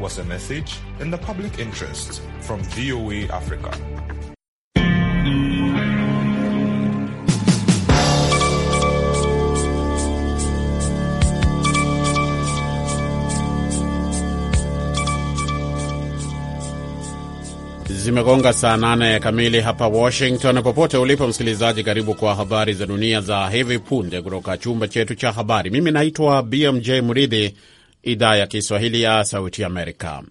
was a message in the public interest from VOA Africa. Zimegonga saa nane kamili hapa Washington. Popote ulipo msikilizaji, karibu kwa habari za dunia za hivi punde kutoka chumba chetu cha habari. Mimi naitwa BMJ Muridhi idhaa ya Kiswahili ya Sauti Amerika.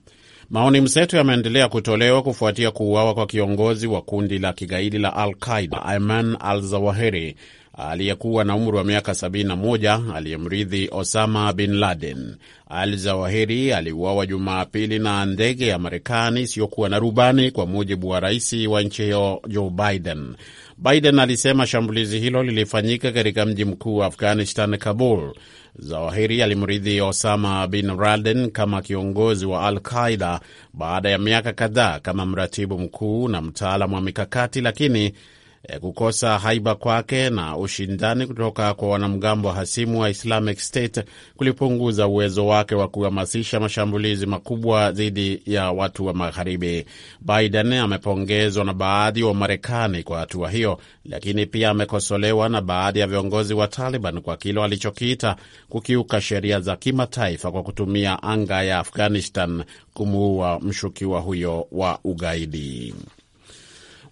Maoni mseto yameendelea kutolewa kufuatia kuuawa kwa kiongozi wa kundi la kigaidi la Al Qaida Ayman Al Zawahiri aliyekuwa na umri wa miaka 71 aliyemrithi Osama bin Laden. Al Zawahiri aliuawa Jumapili na ndege ya Marekani isiyokuwa na rubani, kwa mujibu wa rais wa nchi hiyo Joe Biden. Biden alisema shambulizi hilo lilifanyika katika mji mkuu wa Afghanistan, Kabul, Zawahiri alimrithi Osama bin Laden kama kiongozi wa Al Qaida baada ya miaka kadhaa kama mratibu mkuu na mtaalamu wa mikakati, lakini E, kukosa haiba kwake na ushindani kutoka kwa wanamgambo hasimu wa Islamic State kulipunguza uwezo wake wa kuhamasisha mashambulizi makubwa dhidi ya watu wa Magharibi. Biden amepongezwa na baadhi wa Marekani kwa hatua hiyo, lakini pia amekosolewa na baadhi ya viongozi wa Taliban kwa kile alichokiita kukiuka sheria za kimataifa kwa kutumia anga ya Afghanistan kumuua mshukiwa huyo wa ugaidi.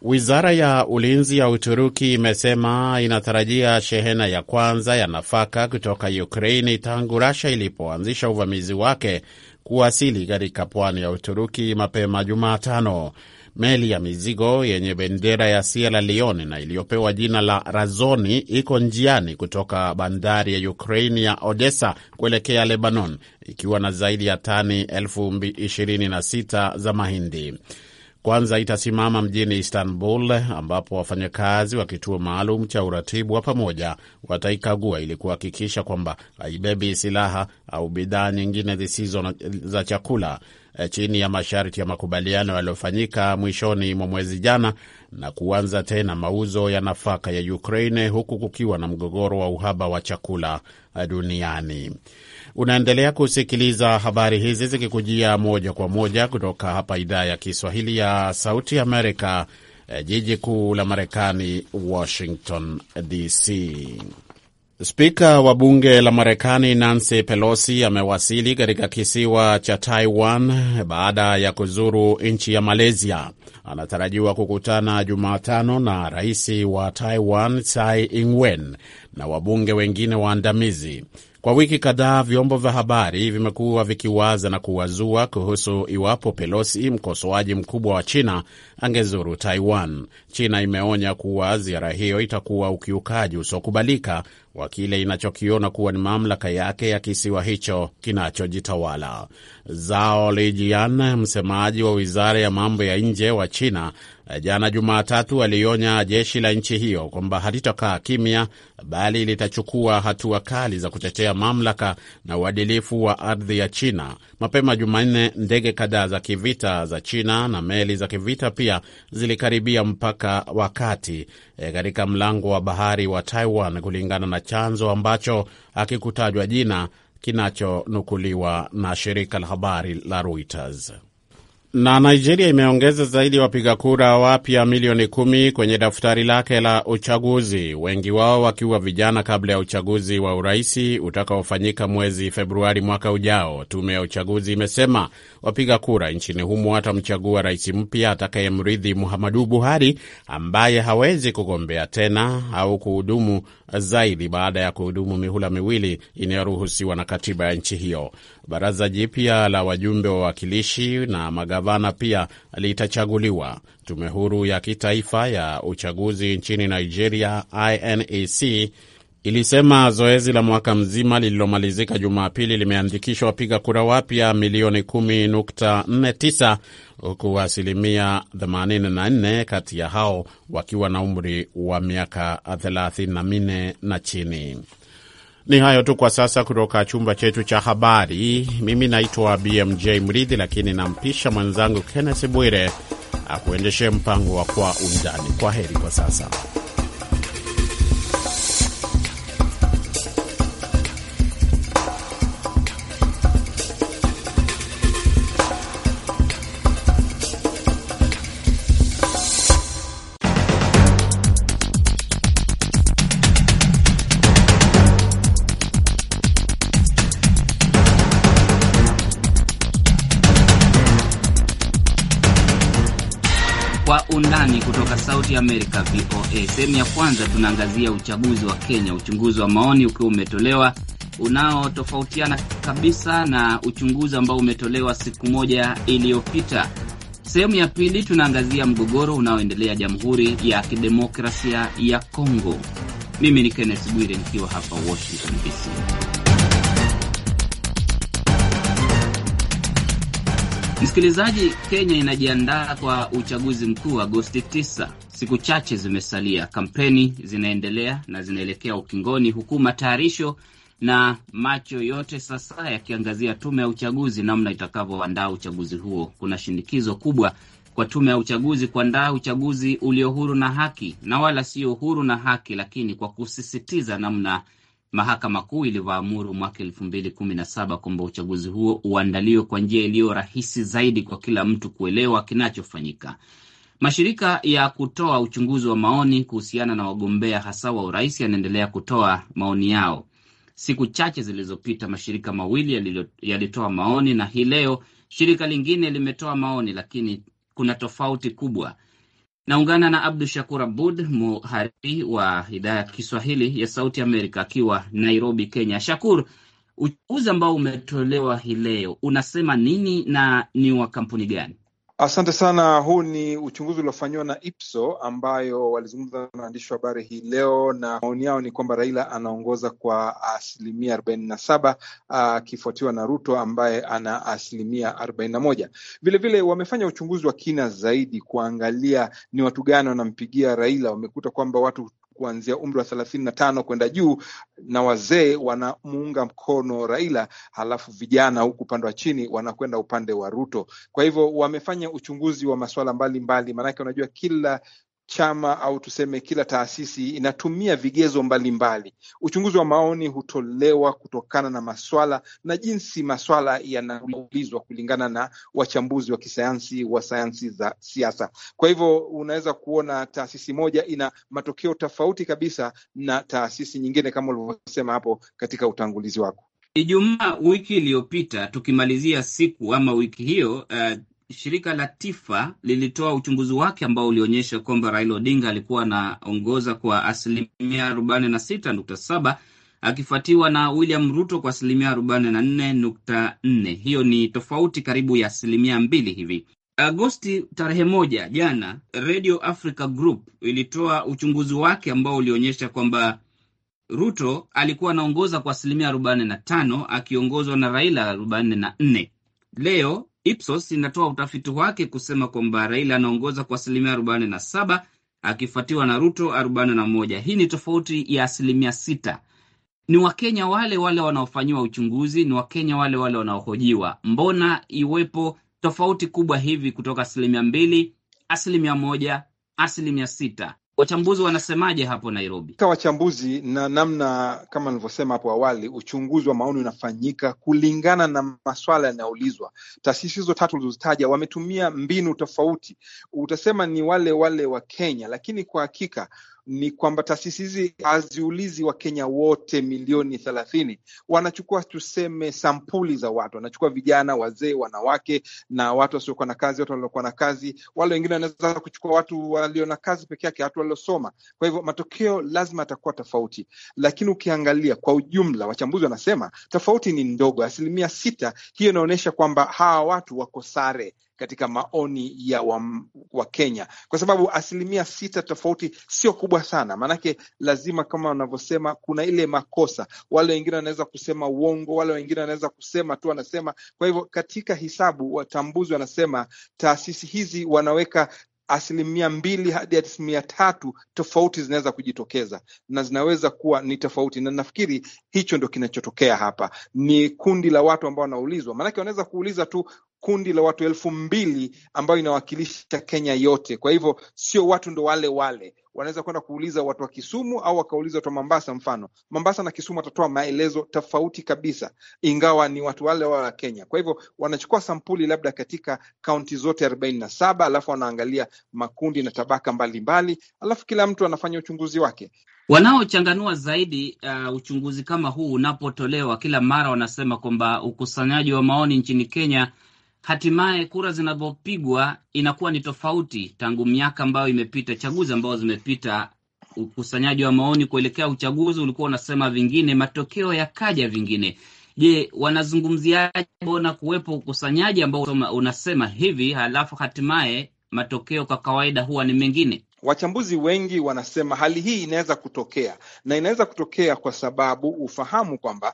Wizara ya ulinzi ya Uturuki imesema inatarajia shehena ya kwanza ya nafaka kutoka Ukraini tangu Rasha ilipoanzisha uvamizi wake kuwasili katika pwani ya Uturuki mapema Jumatano. Meli ya mizigo yenye bendera ya Sierra Leone na iliyopewa jina la Razoni iko njiani kutoka bandari ya Ukraini ya Odessa kuelekea Lebanon ikiwa na zaidi ya tani elfu ishirini na sita za mahindi kwanza itasimama mjini Istanbul, ambapo wafanyakazi wa kituo maalum cha uratibu wa pamoja wataikagua ili kuhakikisha kwamba haibebi silaha au bidhaa nyingine zisizo za chakula e, chini ya masharti ya makubaliano yaliyofanyika mwishoni mwa mwezi jana na kuanza tena mauzo ya nafaka ya Ukraine huku kukiwa na mgogoro wa uhaba wa chakula duniani. Unaendelea kusikiliza habari hizi zikikujia moja kwa moja kutoka hapa idhaa ya Kiswahili ya Sauti Amerika, eh, jiji kuu la Marekani, Washington DC. Spika wa bunge la Marekani Nancy Pelosi amewasili katika kisiwa cha Taiwan baada ya kuzuru nchi ya Malaysia. Anatarajiwa kukutana Jumatano na rais wa Taiwan Tsai Ing-wen na wabunge wengine waandamizi. Kwa wiki kadhaa, vyombo vya habari vimekuwa vikiwaza na kuwazua kuhusu iwapo Pelosi, mkosoaji mkubwa wa China, angezuru Taiwan. China imeonya kuwa ziara hiyo itakuwa ukiukaji usiokubalika wa kile inachokiona kuwa ni mamlaka yake ya kisiwa hicho kinachojitawala. Zhao Lijian, msemaji wa wizara ya mambo ya nje wa China, Eh, jana Jumatatu alionya jeshi la nchi hiyo kwamba halitakaa kimya, bali litachukua hatua kali za kutetea mamlaka na uadilifu wa ardhi ya China. Mapema Jumanne, ndege kadhaa za kivita za China na meli za kivita pia zilikaribia mpaka wa kati e, katika mlango wa bahari wa Taiwan, kulingana na chanzo ambacho hakikutajwa jina kinachonukuliwa na shirika la habari la Reuters. Na Nigeria imeongeza zaidi wapiga kura wapya milioni kumi kwenye daftari lake la uchaguzi, wengi wao wakiwa vijana, kabla ya uchaguzi wa uraisi utakaofanyika mwezi Februari mwaka ujao. Tume ya uchaguzi imesema wapiga kura nchini humo watamchagua rais mpya atakayemrithi Muhammadu Buhari, ambaye hawezi kugombea tena au kuhudumu zaidi baada ya kuhudumu mihula miwili inayoruhusiwa na katiba ya nchi hiyo. Baraza jipya la wajumbe wa wawakilishi na magavana pia litachaguliwa. Tume huru ya kitaifa ya uchaguzi nchini Nigeria, INEC, ilisema zoezi la mwaka mzima lililomalizika Jumapili limeandikisha wapiga kura wapya milioni 10.49 huku asilimia 84 kati ya hao wakiwa na umri wa miaka 34 na chini. Ni hayo tu kwa sasa kutoka chumba chetu cha habari. Mimi naitwa BMJ Mridhi, lakini nampisha mwenzangu Kenneth Bwire akuendeshe mpango wa Kwa Undani. Kwa heri kwa sasa. ya Amerika, VOA. Sehemu ya kwanza tunaangazia uchaguzi wa Kenya, uchunguzi wa maoni ukiwa umetolewa unaotofautiana kabisa na uchunguzi ambao umetolewa siku moja iliyopita. Sehemu ya pili tunaangazia mgogoro unaoendelea Jamhuri ya Kidemokrasia ya Kongo. Mimi ni Kenneth Bwire nikiwa hapa Washington DC. Msikilizaji, Kenya inajiandaa kwa uchaguzi mkuu Agosti 9. Siku chache zimesalia, kampeni zinaendelea na zinaelekea ukingoni, huku matayarisho na macho yote sasa yakiangazia tume ya uchaguzi, namna itakavyoandaa uchaguzi huo. Kuna shinikizo kubwa kwa tume ya uchaguzi kuandaa uchaguzi ulio huru na haki, na wala sio huru na haki, lakini kwa kusisitiza namna mahakama kuu ilivyoamuru mwaka elfu mbili kumi na saba kwamba uchaguzi huo uandaliwe kwa njia iliyo rahisi zaidi kwa kila mtu kuelewa kinachofanyika. Mashirika ya kutoa uchunguzi wa maoni kuhusiana na wagombea hasa wa urais yanaendelea kutoa maoni yao. Siku chache zilizopita mashirika mawili yalitoa maoni na hii leo shirika lingine limetoa maoni, lakini kuna tofauti kubwa. Naungana na Abdu Shakur Abud, muhariri wa idhaa ya Kiswahili ya Sauti Amerika akiwa Nairobi, Kenya. Shakur, uchunguzi ambao umetolewa hii leo unasema nini na ni wa kampuni gani? Asante sana. Huu ni uchunguzi uliofanyiwa na IPSO ambayo walizungumza na waandishi wa habari hii leo, na maoni yao ni kwamba Raila anaongoza kwa asilimia arobaini na saba ah, akifuatiwa na Ruto ambaye ana asilimia arobaini na moja. Vilevile wamefanya uchunguzi wa kina zaidi kuangalia ni watu gani wanampigia Raila. Wamekuta kwamba watu kuanzia umri wa thelathini na tano kwenda juu, na wazee wanamuunga mkono Raila, halafu vijana huku upande wa chini wanakwenda upande wa Ruto. Kwa hivyo wamefanya uchunguzi wa masuala mbalimbali, maanake unajua kila chama au tuseme kila taasisi inatumia vigezo mbalimbali. Uchunguzi wa maoni hutolewa kutokana na maswala na jinsi maswala yanaulizwa kulingana na wachambuzi wa kisayansi wa sayansi za siasa. Kwa hivyo unaweza kuona taasisi moja ina matokeo tofauti kabisa na taasisi nyingine, kama ulivyosema hapo katika utangulizi wako. Ijumaa wiki iliyopita, tukimalizia siku ama wiki hiyo, uh, shirika la Tifa lilitoa uchunguzi wake ambao ulionyesha kwamba Raila Odinga alikuwa anaongoza kwa asilimia 46.7 sita saba akifuatiwa na William Ruto kwa asilimia 44.4. Hiyo ni tofauti karibu ya asilimia mbili hivi. Agosti tarehe moja jana, Radio Africa Group ilitoa uchunguzi wake ambao ulionyesha kwamba Ruto alikuwa anaongoza kwa asilimia 45 akiongozwa na Raila 44. Leo Ipsos inatoa utafiti wake kusema kwamba Raila anaongoza kwa asilimia 47 akifuatiwa na Ruto 41. Hii ni tofauti ya asilimia sita Ni Wakenya wale wale wanaofanyiwa uchunguzi, ni Wakenya wale wale wanaohojiwa. Mbona iwepo tofauti kubwa hivi kutoka asilimia mbili, asilimia moja, asilimia sita? Wachambuzi wanasemaje hapo Nairobi? Ka wachambuzi na namna, kama nilivyosema hapo awali, uchunguzi wa maoni unafanyika kulingana na maswala yanayoulizwa. Taasisi hizo tatu ulizozitaja wametumia mbinu tofauti, utasema ni wale wale wa Kenya, lakini kwa hakika ni kwamba taasisi hizi haziulizi Wakenya wote milioni thelathini. Wanachukua tuseme sampuli za watu, wanachukua vijana, wazee, wanawake na watu wasiokuwa na kazi, watu waliokuwa na kazi. Wale wengine wanaweza kuchukua watu walio na kazi peke yake, watu waliosoma. Kwa hivyo matokeo lazima atakuwa tofauti, lakini ukiangalia kwa ujumla, wachambuzi wanasema tofauti ni ndogo, asilimia sita. Hiyo inaonyesha kwamba hawa watu wako sare katika maoni ya Wakenya wa kwa sababu asilimia sita tofauti sio kubwa sana, maanake lazima kama wanavyosema kuna ile makosa. Wale wengine wanaweza kusema uongo, wale wengine wanaweza kusema tu wanasema. Kwa hivyo katika hisabu watambuzi wanasema taasisi hizi wanaweka asilimia mbili hadi asilimia tatu tofauti zinaweza kujitokeza na zinaweza kuwa ni tofauti, na nafikiri hicho ndo kinachotokea hapa. Ni kundi la watu ambao wanaulizwa, maanake wanaweza kuuliza tu kundi la watu elfu mbili ambayo inawakilisha Kenya yote. Kwa hivyo sio watu ndo wale wale, wanaweza kwenda kuuliza watu wa Kisumu au wakauliza watu wa Mombasa. Mfano, Mombasa na Kisumu watatoa maelezo tofauti kabisa, ingawa ni watu wale wale wa Kenya. Kwa hivyo wanachukua sampuli labda katika kaunti zote arobaini na saba alafu wanaangalia makundi na tabaka mbalimbali mbali, alafu kila mtu anafanya uchunguzi wake. Wanaochanganua zaidi uh, uchunguzi kama huu unapotolewa kila mara wanasema kwamba ukusanyaji wa maoni nchini Kenya hatimaye kura zinavyopigwa inakuwa ni tofauti tangu miaka ambayo imepita, chaguzi ambazo zimepita. Ukusanyaji wa maoni kuelekea uchaguzi ulikuwa unasema vingine, matokeo yakaja vingine. Je, wanazungumziaje bona kuwepo ukusanyaji ambao unasema hivi, halafu hatimaye matokeo kwa kawaida huwa ni mengine? Wachambuzi wengi wanasema hali hii inaweza kutokea na inaweza kutokea kwa sababu ufahamu kwamba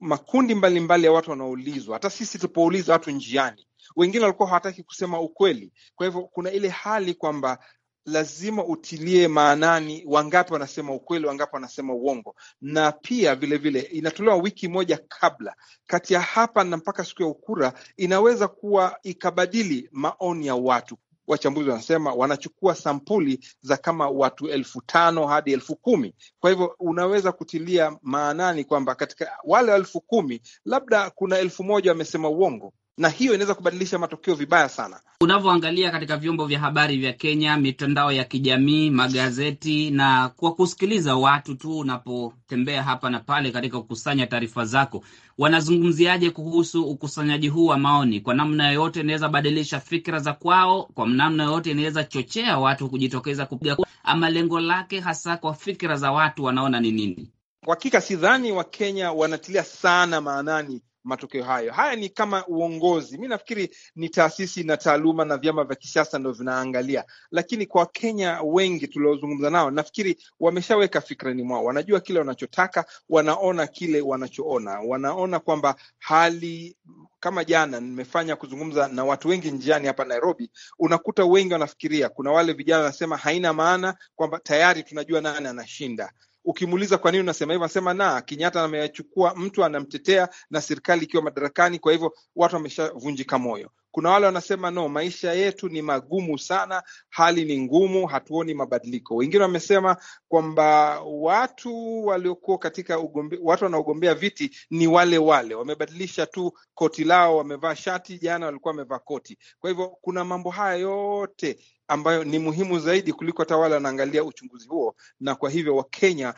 makundi mbalimbali mbali ya watu wanaoulizwa, hata sisi tupouliza watu njiani, wengine walikuwa hawataki kusema ukweli. Kwa hivyo kuna ile hali kwamba lazima utilie maanani wangapi wanasema ukweli, wangapi wanasema uongo, na pia vilevile vile, inatolewa wiki moja kabla. Kati ya hapa na mpaka siku ya ukura inaweza kuwa ikabadili maoni ya watu. Wachambuzi wanasema wanachukua sampuli za kama watu elfu tano hadi elfu kumi. Kwa hivyo unaweza kutilia maanani kwamba katika wale elfu kumi labda kuna elfu moja wamesema uongo na hiyo inaweza kubadilisha matokeo vibaya sana. Unavyoangalia katika vyombo vya habari vya Kenya, mitandao ya kijamii, magazeti na kwa kusikiliza watu tu, unapotembea hapa na pale katika kukusanya taarifa zako, wanazungumziaje kuhusu ukusanyaji huu wa maoni? Kwa namna yoyote inaweza badilisha fikra za kwao, kwa namna yoyote inaweza chochea watu kujitokeza kupiga kura, ama lengo lake hasa kwa fikra za watu wanaona ni nini? Kwa hakika sidhani Wakenya wanatilia sana maanani matokeo hayo. Haya ni kama uongozi, mi nafikiri ni taasisi na taaluma na vyama vya kisiasa ndo vinaangalia, lakini kwa Wakenya wengi tuliozungumza nao, nafikiri wameshaweka fikrani mwao, wanajua kile wanachotaka, wanaona kile wanachoona, wanaona kwamba hali kama jana nimefanya kuzungumza na watu wengi njiani hapa Nairobi, unakuta wengi wanafikiria, kuna wale vijana wanasema haina maana, kwamba tayari tunajua nani anashinda ukimuuliza kwa nini unasema hivyo, anasema na kinyatta ameyachukua mtu anamtetea na serikali ikiwa madarakani, kwa hivyo watu wameshavunjika moyo. Kuna wale wanasema no, maisha yetu ni magumu sana, hali ni ngumu, hatuoni mabadiliko. Wengine wamesema kwamba watu waliokuwa katika ugombe, watu wanaogombea viti ni wale wale, wamebadilisha tu koti lao, wamevaa shati. Jana walikuwa wamevaa koti. Kwa hivyo kuna mambo haya yote ambayo ni muhimu zaidi kuliko hata wale wanaangalia uchunguzi huo, na kwa hivyo Wakenya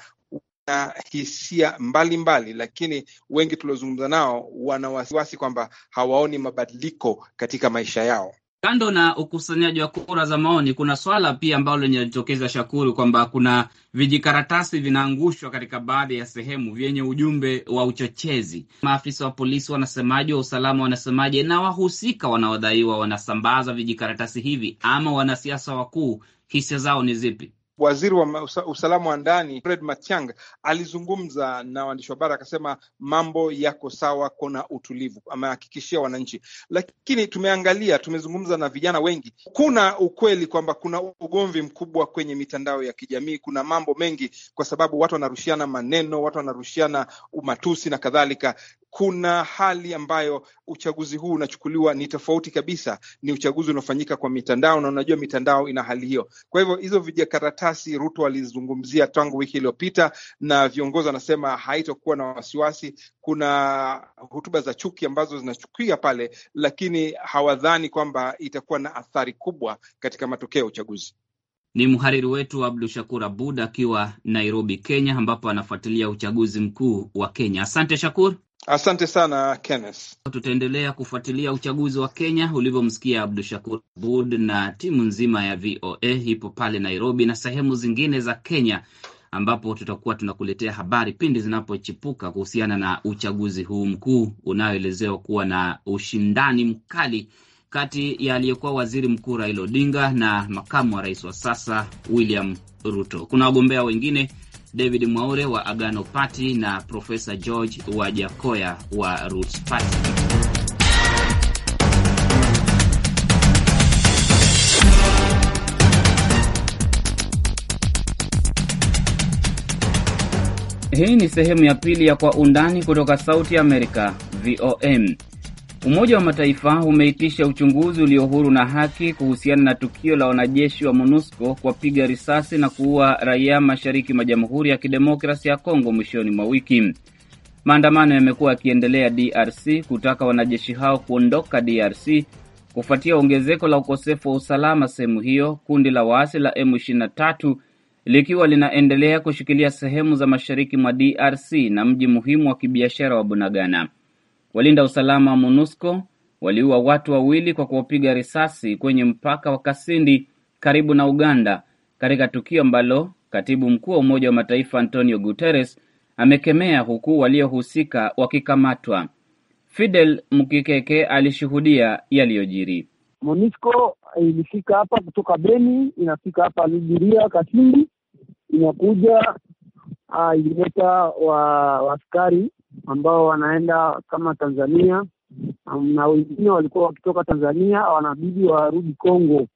na hisia mbalimbali mbali, lakini wengi tuliozungumza nao wana wasiwasi kwamba hawaoni mabadiliko katika maisha yao. Kando na ukusanyaji wa kura za maoni, kuna swala pia ambalo linajitokeza, Shakuru, kwamba kuna vijikaratasi vinaangushwa katika baadhi ya sehemu vyenye ujumbe wa uchochezi. Maafisa wa polisi wanasemaje? Wa usalama wanasemaje? Na wahusika wanaodaiwa wanasambaza vijikaratasi hivi ama wanasiasa wakuu, hisia zao ni zipi? waziri wa usalama wa ndani Fred Matiang'i alizungumza na waandishi wa habari akasema mambo yako sawa, kuna utulivu, amehakikishia wananchi. Lakini tumeangalia, tumezungumza na vijana wengi, kuna ukweli kwamba kuna ugomvi mkubwa kwenye mitandao ya kijamii, kuna mambo mengi, kwa sababu watu wanarushiana maneno, watu wanarushiana matusi na kadhalika kuna hali ambayo uchaguzi huu unachukuliwa ni tofauti kabisa, ni uchaguzi unaofanyika kwa mitandao, na unajua mitandao ina hali hiyo. Kwa hivyo hizo vijakaratasi Ruto alizungumzia tangu wiki iliyopita, na viongozi wanasema haitokuwa na wasiwasi. Kuna hotuba za chuki ambazo zinachukia pale, lakini hawadhani kwamba itakuwa na athari kubwa katika matokeo ya uchaguzi. Ni mhariri wetu Abdu Shakur Abud akiwa Nairobi, Kenya, ambapo anafuatilia uchaguzi mkuu wa Kenya. Asante Shakur. Asante sana Kenneth. Tutaendelea kufuatilia uchaguzi wa Kenya. Ulivyomsikia Abdu Shakur Abud na timu nzima ya VOA ipo pale Nairobi na sehemu zingine za Kenya, ambapo tutakuwa tunakuletea habari pindi zinapochipuka kuhusiana na uchaguzi huu mkuu unaoelezewa kuwa na ushindani mkali kati ya aliyekuwa waziri mkuu Raila Odinga na makamu wa rais wa sasa William Ruto. Kuna wagombea wengine David Mwaure wa Agano Party na Profesa George Wajakoya wa Roots Party. Hii ni sehemu ya pili ya Kwa Undani kutoka Sauti ya Amerika, VOM. Umoja wa Mataifa umeitisha uchunguzi ulio huru na haki kuhusiana na tukio la wanajeshi wa MONUSCO kuwapiga risasi na kuua raia mashariki mwa Jamhuri ya Kidemokrasi ya Kongo mwishoni mwa wiki. Maandamano yamekuwa yakiendelea DRC kutaka wanajeshi hao kuondoka DRC kufuatia ongezeko la ukosefu wa usalama sehemu hiyo, kundi la waasi la M23 likiwa linaendelea kushikilia sehemu za mashariki mwa DRC na mji muhimu wa kibiashara wa Bunagana. Walinda usalama wa MONUSCO waliua watu wawili kwa kuwapiga risasi kwenye mpaka wa Kasindi karibu na Uganda, katika tukio ambalo katibu mkuu wa Umoja wa Mataifa Antonio Guterres amekemea huku waliohusika wakikamatwa. Fidel Mkikeke alishuhudia yaliyojiri. MONUSCO ilifika hapa kutoka Beni, inafika hapa Lubiria, Kasindi, inakuja ah, ilileta waaskari ambao wanaenda kama Tanzania um, na wengine walikuwa wakitoka Tanzania wanabidi warudi Kongo.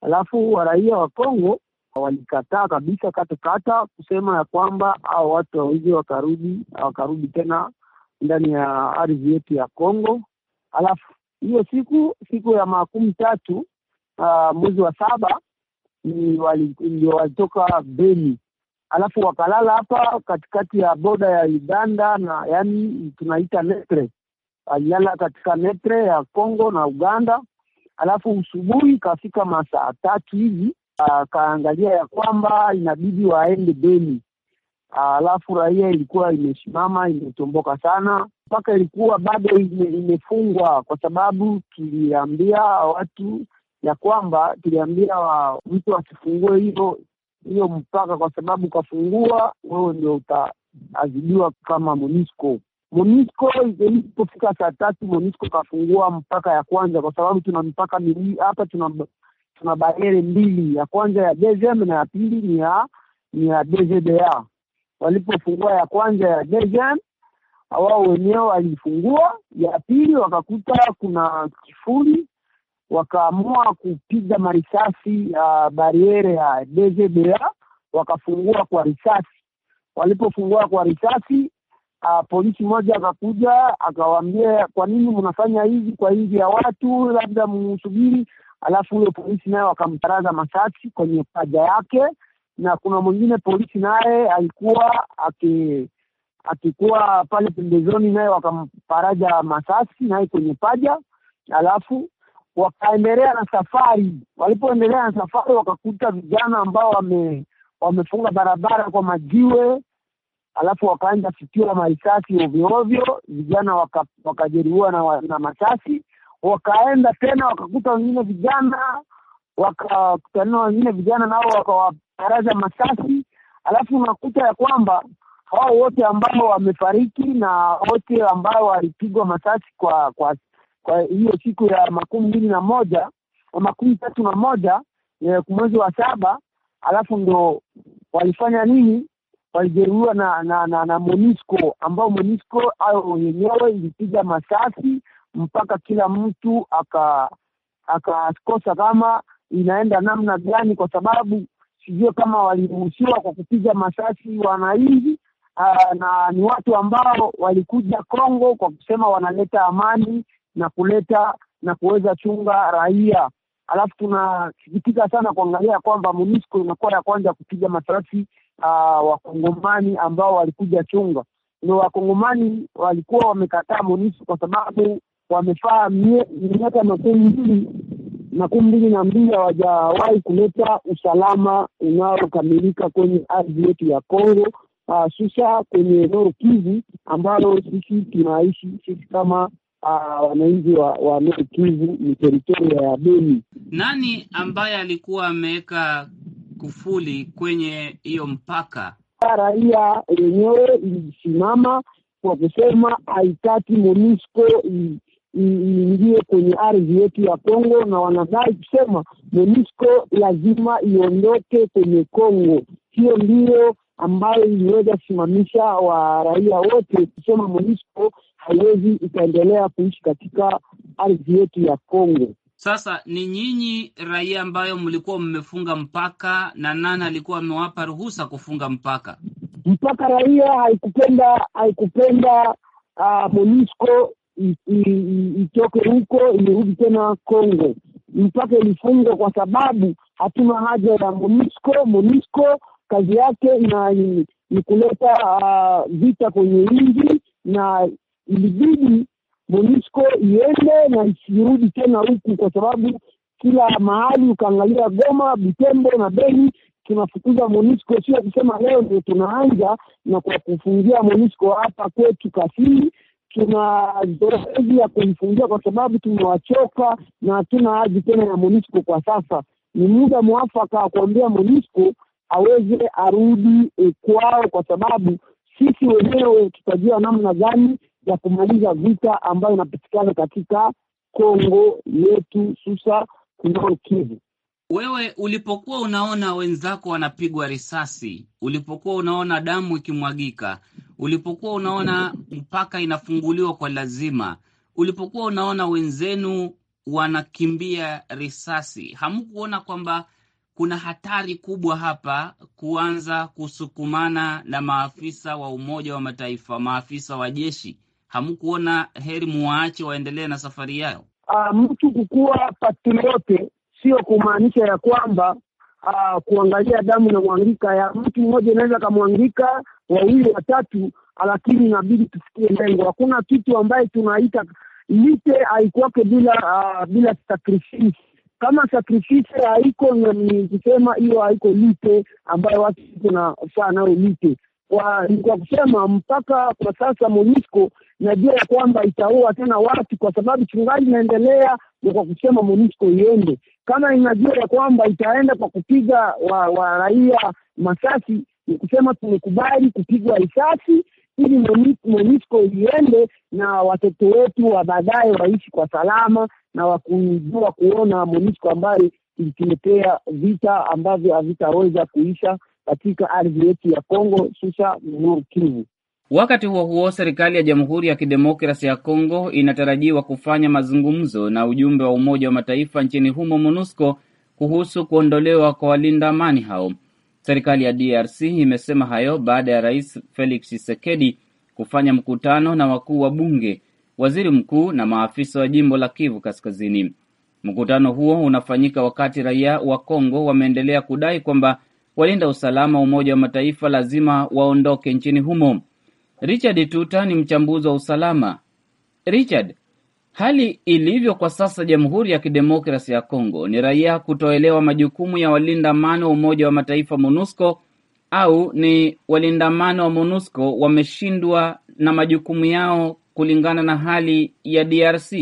Alafu waraia wa Kongo walikataa kabisa katakata kusema ya kwamba hao watu wawizi wakarudi wakarudi tena ndani ya ardhi yetu ya Kongo. Alafu hiyo siku siku ya makumi tatu uh, mwezi wa saba ndio walitoka Beni alafu wakalala hapa katikati ya boda ya Uganda na yani tunaita Netre, alilala katika Netre ya Congo na Uganda. Alafu usubuhi kafika masaa tatu hivi akaangalia ya kwamba inabidi waende Beni. Alafu raia ilikuwa imesimama imetomboka sana, mpaka ilikuwa bado ime, imefungwa kwa sababu tuliambia watu ya kwamba tuliambia wa, mtu asifungue hivyo hiyo mpaka, kwa sababu ukafungua wewe ndio utaadhibiwa kama MONUSCO. MONUSCO ilipofika saa tatu MONUSCO kafungua mpaka ya kwanza, kwa sababu tuna mipaka miwili hapa, tuna tuna bariere mbili, ya kwanza ya DGM na ya pili ni ya ni ya DGDA. Walipofungua ya kwanza ya DGM wao wenyewe walifungua ya pili, wakakuta kuna kifuri wakaamua kupiga marisasi uh, bariere ya DGBA wakafungua kwa risasi. Walipofungua kwa risasi uh, polisi mmoja akakuja akawaambia, kwa nini mnafanya hivi kwa hivi ya watu, labda msubiri. Alafu huyo polisi naye wakamtaraza masasi kwenye paja yake, na kuna mwingine polisi naye alikuwa aki akikuwa pale pembezoni, naye wakamparaja masasi naye kwenye paja, alafu wakaendelea na safari. Walipoendelea na safari, wakakuta vijana ambao wame, wamefunga barabara kwa majiwe, alafu wakaanza kufikiwa marisasi ovyoovyo, vijana waka, wakajeruhiwa na, na masasi. Wakaenda tena wakakuta wengine vijana, wakakutana wengine vijana, nao wakawaparaza masasi, alafu unakuta ya kwamba hao wote ambao wamefariki na wote ambao walipigwa masasi kwa kwa kwa hiyo siku ya makumi mbili na moja makumi tatu na moja eh, mwezi wa saba, alafu ndo walifanya nini? Walijeruhiwa na na, na, na Monisco ambao Monisco au yenyewe ilipiga masasi mpaka kila mtu aka akakosa kama inaenda namna gani, kwa sababu sijue kama waliruhusiwa kwa kupiga masasi wananchi ah, na ni watu ambao walikuja Kongo kwa kusema wanaleta amani na kuleta na kuweza chunga raia. Alafu tunasikitika sana kuangalia kwamba MONUSCO inakuwa ya kwanza kupiga masasi uh, ah, wakongomani ambao walikuja chunga. Ndio wakongomani walikuwa wamekataa MONUSCO kwa sababu wamefaa miaka makumi mbili makumi mbili na mbili hawajawahi kuleta usalama unaokamilika kwenye ardhi yetu ya Kongo, hususa ah, uh, kwenye Nord Kivu ambalo sisi tunaishi sisi kama Ah, wananchi wa, wa Nord Kivu ni teritoria ya Beni. Nani ambaye alikuwa ameweka kufuli kwenye hiyo mpaka? Ah, raia yenyewe ilisimama kwa kusema haitaki MONUSCO iingie kwenye ardhi yetu ya Kongo, na wanadai kusema MONUSCO lazima iondoke kwenye Kongo. Hiyo ndiyo ambayo iliweza kusimamisha wa raia wote kusema MONUSCO haiwezi ikaendelea kuishi katika ardhi yetu ya Kongo. Sasa ni nyinyi raia ambayo mlikuwa mmefunga mpaka, na nani alikuwa amewapa ruhusa kufunga mpaka? Mpaka raia haikupenda haikupenda uh, ah, MONUSCO itoke huko ilirudi tena Kongo, mpaka ilifungwa kwa sababu hatuna haja ya MONUSCO. MONUSCO kazi yake na ni, kuleta uh, vita kwenye nji, na ilibidi monisco iende na isirudi tena huku, kwa sababu kila mahali ukaangalia Goma, Butembo na Beni tunafukuza monisco Sio kusema leo ndio tunaanza na kwa kufungia monisco hapa kwetu Kasii, tuna zoezi ya kumfungia kwa sababu tumewachoka na hatuna haji tena ya monisco kwa sasa. Ni muda mwafaka wa kuambia monisco aweze arudi eh, kwao, kwa sababu sisi wenyewe tutajua namna gani ya kumaliza vita ambayo inapatikana katika Kongo yetu susa kunao Kivu. Wewe ulipokuwa unaona wenzako wanapigwa risasi, ulipokuwa unaona damu ikimwagika, ulipokuwa unaona mpaka inafunguliwa kwa lazima, ulipokuwa unaona wenzenu wanakimbia risasi, hamkuona kwamba kuna hatari kubwa hapa kuanza kusukumana na maafisa wa Umoja wa Mataifa, maafisa wa jeshi. Hamkuona heri muwaache waendelee na safari yao? Uh, mtu kukuwa patriote sio kumaanisha ya kwamba uh, kuangalia damu na mwangika ya mtu mmoja inaweza kamwangika wawili watatu, lakini inabidi tufikie lengo. Hakuna kitu ambaye tunaita lite haikuwake bila uh, bila sakrifisi kama sacrifice haiko, ni kusema hiyo haiko lipe ambayo watu iko na faa nayo lipe kwa, kwa kusema mpaka kwa sasa Monisco najua ya kwamba itaua tena watu kwa sababu chungaji inaendelea na kwa kusema Monisco iende, kama inajua ya kwamba itaenda kwa kupiga wa, wa raia masasi, ni kusema tumekubali kupigwa risasi ili MONUSCO iende na watoto wetu wa baadaye waishi kwa salama na wakujua kuona MONUSCO ambayo ilituletea vita ambavyo havitaweza kuisha katika ardhi yetu ya Kongo, susa Nord Kivu. Wakati huo huo, serikali ya Jamhuri ya Kidemokrasi ya Kongo inatarajiwa kufanya mazungumzo na ujumbe wa Umoja wa Mataifa nchini humo MONUSCO kuhusu kuondolewa kwa walinda amani hao. Serikali ya DRC imesema hayo baada ya Rais Felix Tshisekedi kufanya mkutano na wakuu wa bunge, waziri mkuu na maafisa wa jimbo la Kivu Kaskazini. Mkutano huo unafanyika wakati raia wa Kongo wameendelea kudai kwamba walinda usalama wa Umoja wa Mataifa lazima waondoke nchini humo. Richard Tuta ni mchambuzi wa usalama. Richard, Hali ilivyo kwa sasa Jamhuri ya Kidemokrasi ya Kongo ni raia kutoelewa majukumu ya walinda amani wa Umoja wa Mataifa MONUSCO au ni walinda amani wa MONUSCO wameshindwa na majukumu yao kulingana na hali ya DRC?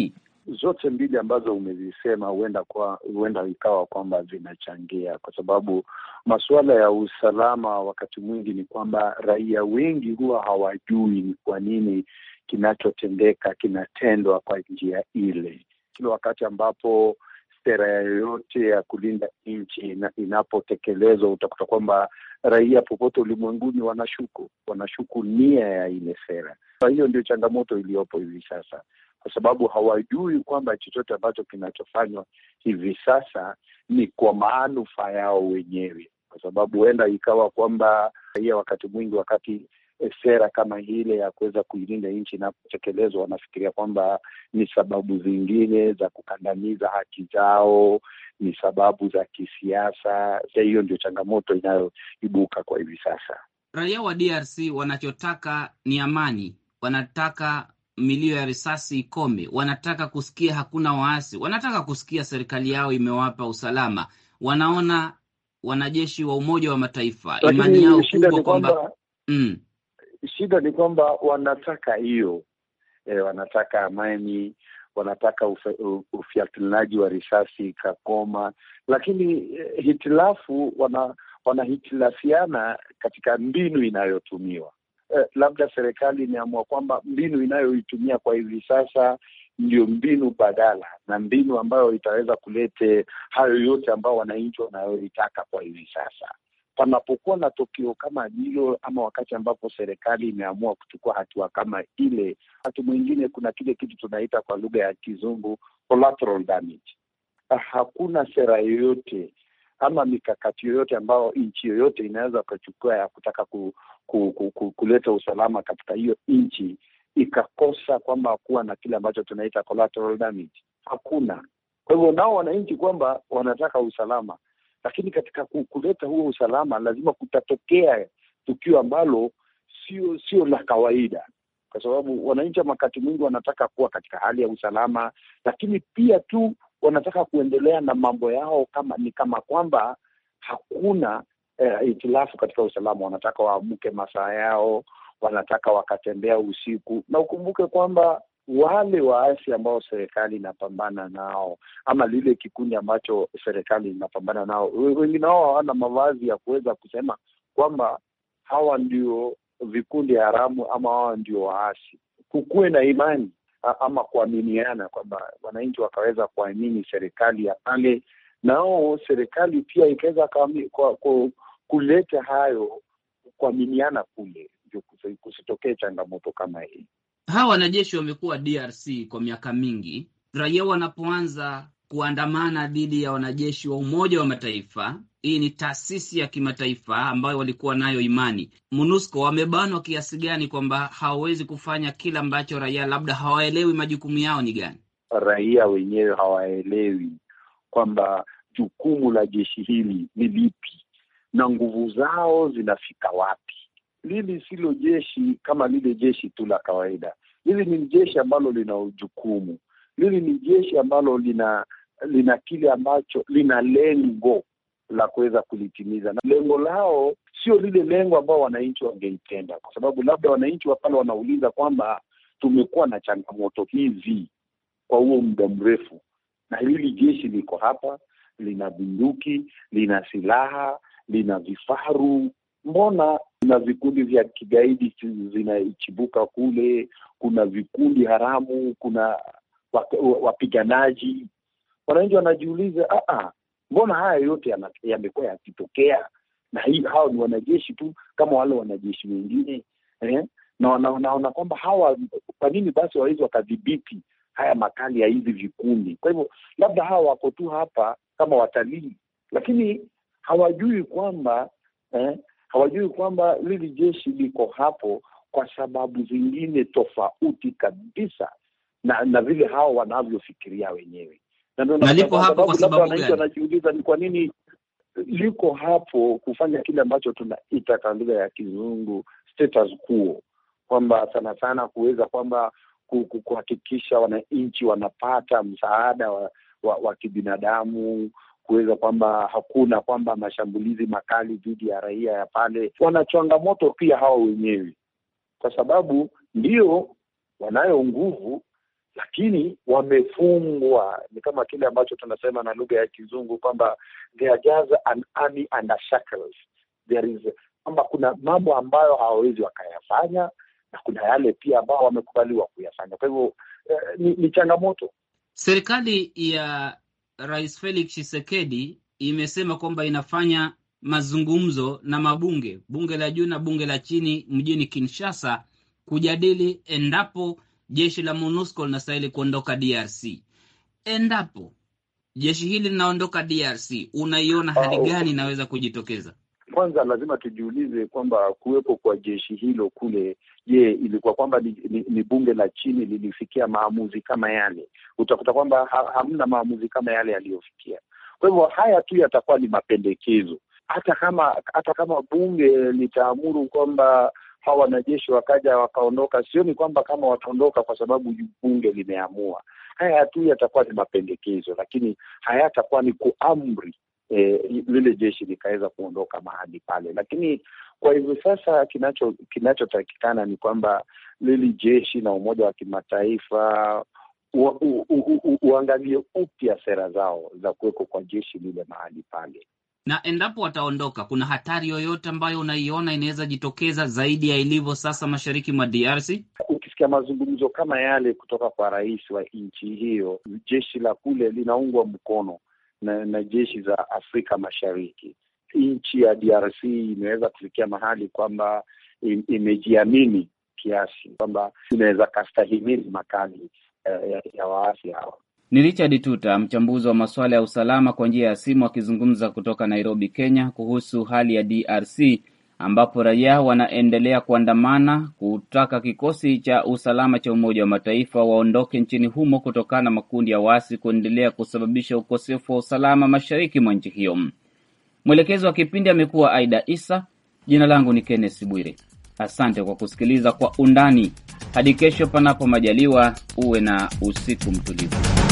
Zote mbili ambazo umezisema huenda kwa huenda ikawa kwamba zinachangia, kwa sababu masuala ya usalama wakati mwingi ni kwamba raia wengi huwa hawajui ni kwa nini kinachotendeka kinatendwa kwa njia ile. Kila wakati ambapo sera yoyote ya kulinda nchi inapotekelezwa, utakuta kwamba raia popote ulimwenguni wanashuku wanashuku nia ya ile sera. Kwa hiyo ndio changamoto iliyopo hivi sasa, kwa sababu hawajui kwamba chochote ambacho kinachofanywa hivi sasa ni kwa manufaa yao wenyewe, kwa sababu huenda ikawa kwamba raia wakati mwingi, wakati E, sera kama ile ya kuweza kuilinda nchi inapotekelezwa, wanafikiria kwamba ni sababu zingine za kukandamiza haki zao, ni sababu za kisiasa. Hiyo ndio changamoto inayoibuka kwa hivi sasa. Raia wa DRC wanachotaka ni amani, wanataka milio ya risasi ikome, wanataka kusikia hakuna waasi, wanataka kusikia serikali yao imewapa usalama. Wanaona wanajeshi wa Umoja wa Mataifa, imani yao kubwa kwamba mm shida ni kwamba wanataka hiyo e, wanataka amani, wanataka ufyatuliaji wa risasi Kakoma, lakini e, hitilafu wana wanahitilafiana katika mbinu inayotumiwa. Eh, labda serikali imeamua kwamba mbinu inayoitumia kwa hivi sasa ndio mbinu badala na mbinu ambayo itaweza kulete hayo yote ambao wananchi wanayoitaka kwa hivi sasa panapokuwa na tokio kama hilo ama wakati ambapo serikali imeamua kuchukua hatua kama ile, hatu mwingine kuna kile kitu tunaita kwa lugha ya kizungu collateral damage. Hakuna sera yoyote ama mikakati yoyote ambayo nchi yoyote inaweza kuchukua ya kutaka ku, ku, ku, ku, kuleta usalama katika hiyo nchi ikakosa kwamba kuwa na kile ambacho tunaita collateral damage. Hakuna. Kwa hivyo nao wananchi kwamba wanataka usalama lakini katika kuleta huo usalama lazima kutatokea tukio ambalo sio sio la kawaida, kwa sababu wananchi wakati mwingi wanataka kuwa katika hali ya usalama, lakini pia tu wanataka kuendelea na mambo yao kama ni kama kwamba hakuna eh, itilafu katika usalama. Wanataka waamke masaa yao, wanataka wakatembea usiku, na ukumbuke kwamba wale waasi ambao serikali inapambana nao ama lile kikundi ambacho serikali inapambana nao, wengine wao hawana mavazi ya kuweza kusema kwamba hawa ndio vikundi haramu ama hawa ndio waasi. Kukuwe na imani ama kuaminiana kwamba wananchi wakaweza kuamini serikali ya pale, nao serikali pia ikaweza kuleta hayo kuaminiana kule, kusitokee changamoto kama hii. Hawa wanajeshi wamekuwa DRC kwa miaka mingi. Raia wanapoanza kuandamana dhidi ya wanajeshi wa Umoja wa Mataifa, hii ni taasisi ya kimataifa ambayo walikuwa nayo imani. MONUSCO wamebanwa kiasi gani kwamba hawawezi kufanya kile ambacho raia labda hawaelewi majukumu yao ni gani? Raia wenyewe hawaelewi kwamba jukumu la jeshi hili ni lipi na nguvu zao zinafika wapi lili silo jeshi kama lile jeshi tu la kawaida. Lili ni jeshi ambalo lina ujukumu, lili ni jeshi ambalo lina lina kile ambacho lina lengo la kuweza kulitimiza, na lengo lao sio lile lengo ambao wananchi wangeitenda, kwa sababu labda wananchi wa pale wanauliza kwamba tumekuwa na changamoto hizi kwa huo muda mrefu, na hili jeshi liko hapa, lina bunduki, lina silaha, lina vifaru Mbona kuna vikundi vya kigaidi zinaichibuka kule, kuna vikundi haramu, kuna wapiganaji. Wananchi wanajiuliza ah ah, mbona haya yote yamekuwa yakitokea na hii, hao ni wanajeshi tu kama wale wanajeshi wengine eh? na wanaona kwamba hawa, kwa nini basi wawezi wakadhibiti haya makali ya hivi vikundi? Kwa hivyo labda hawa wako tu hapa kama watalii, lakini hawajui kwamba eh, hawajui kwamba lili jeshi liko hapo kwa sababu zingine tofauti kabisa na na vile hao wanavyofikiria wenyewe, na ndio wananchi wanajiuliza ni kwa nini liko hapo kufanya kile ambacho tunaita kwa lugha ya Kizungu status quo, kwamba sana sana kuweza kwamba kuhakikisha wananchi wanapata msaada wa, wa, wa kibinadamu kuweza kwamba hakuna kwamba mashambulizi makali dhidi ya raia ya pale. Wana changamoto pia hawa wenyewe, kwa sababu ndio wanayo nguvu lakini wamefungwa. Ni kama kile ambacho tunasema na lugha ya Kizungu kwamba they are just an army under shackles. There is kwamba kuna mambo ambayo hawawezi wakayafanya na kuna yale pia ambayo wamekubaliwa kuyafanya. Kwa hivyo eh, ni, ni changamoto. Serikali ya Rais Felix Tshisekedi imesema kwamba inafanya mazungumzo na mabunge, bunge la juu na bunge la chini mjini Kinshasa kujadili endapo jeshi la MONUSCO linastahili kuondoka DRC. Endapo jeshi hili linaondoka DRC, unaiona hali gani inaweza kujitokeza? Kwanza lazima tujiulize kwamba kuwepo kwa jeshi hilo kule, je, ilikuwa kwamba ni, ni, ni bunge la chini lilifikia maamuzi kama yale? Utakuta kwamba ha, hamna maamuzi kama yale yaliyofikia. Kwa hivyo haya tu yatakuwa ni mapendekezo. Hata kama hata kama bunge litaamuru kwamba hawa wanajeshi wakaja wakaondoka, sioni kwamba kama wataondoka kwa sababu bunge limeamua. Haya tu yatakuwa ni mapendekezo, lakini hayatakuwa ni kuamri e, lile jeshi likaweza kuondoka mahali pale, lakini kwa hivi sasa kinacho kinachotakikana ni kwamba lili jeshi na Umoja wa Kimataifa uangalie upya sera zao za kuweko kwa jeshi lile mahali pale, na endapo wataondoka, kuna hatari yoyote ambayo unaiona inaweza jitokeza zaidi ya ilivyo sasa mashariki mwa DRC? Ukisikia mazungumzo kama yale kutoka kwa rais wa nchi hiyo, jeshi la kule linaungwa mkono na, na jeshi za Afrika Mashariki. Nchi ya DRC imeweza kufikia mahali kwamba imejiamini kiasi kwamba inaweza kastahimili makali eh, ya, ya waasi hawa. Ni Richard Tuta, mchambuzi wa masuala ya usalama, kwa njia ya simu akizungumza kutoka Nairobi, Kenya, kuhusu hali ya DRC ambapo raia wanaendelea kuandamana kutaka kikosi cha usalama cha Umoja wa Mataifa waondoke nchini humo kutokana na makundi ya waasi kuendelea kusababisha ukosefu wa usalama mashariki mwa nchi hiyo. Mwelekezi wa kipindi amekuwa Aida Isa. Jina langu ni Kennes Bwire. Asante kwa kusikiliza Kwa Undani. Hadi kesho, panapo majaliwa, uwe na usiku mtulivu.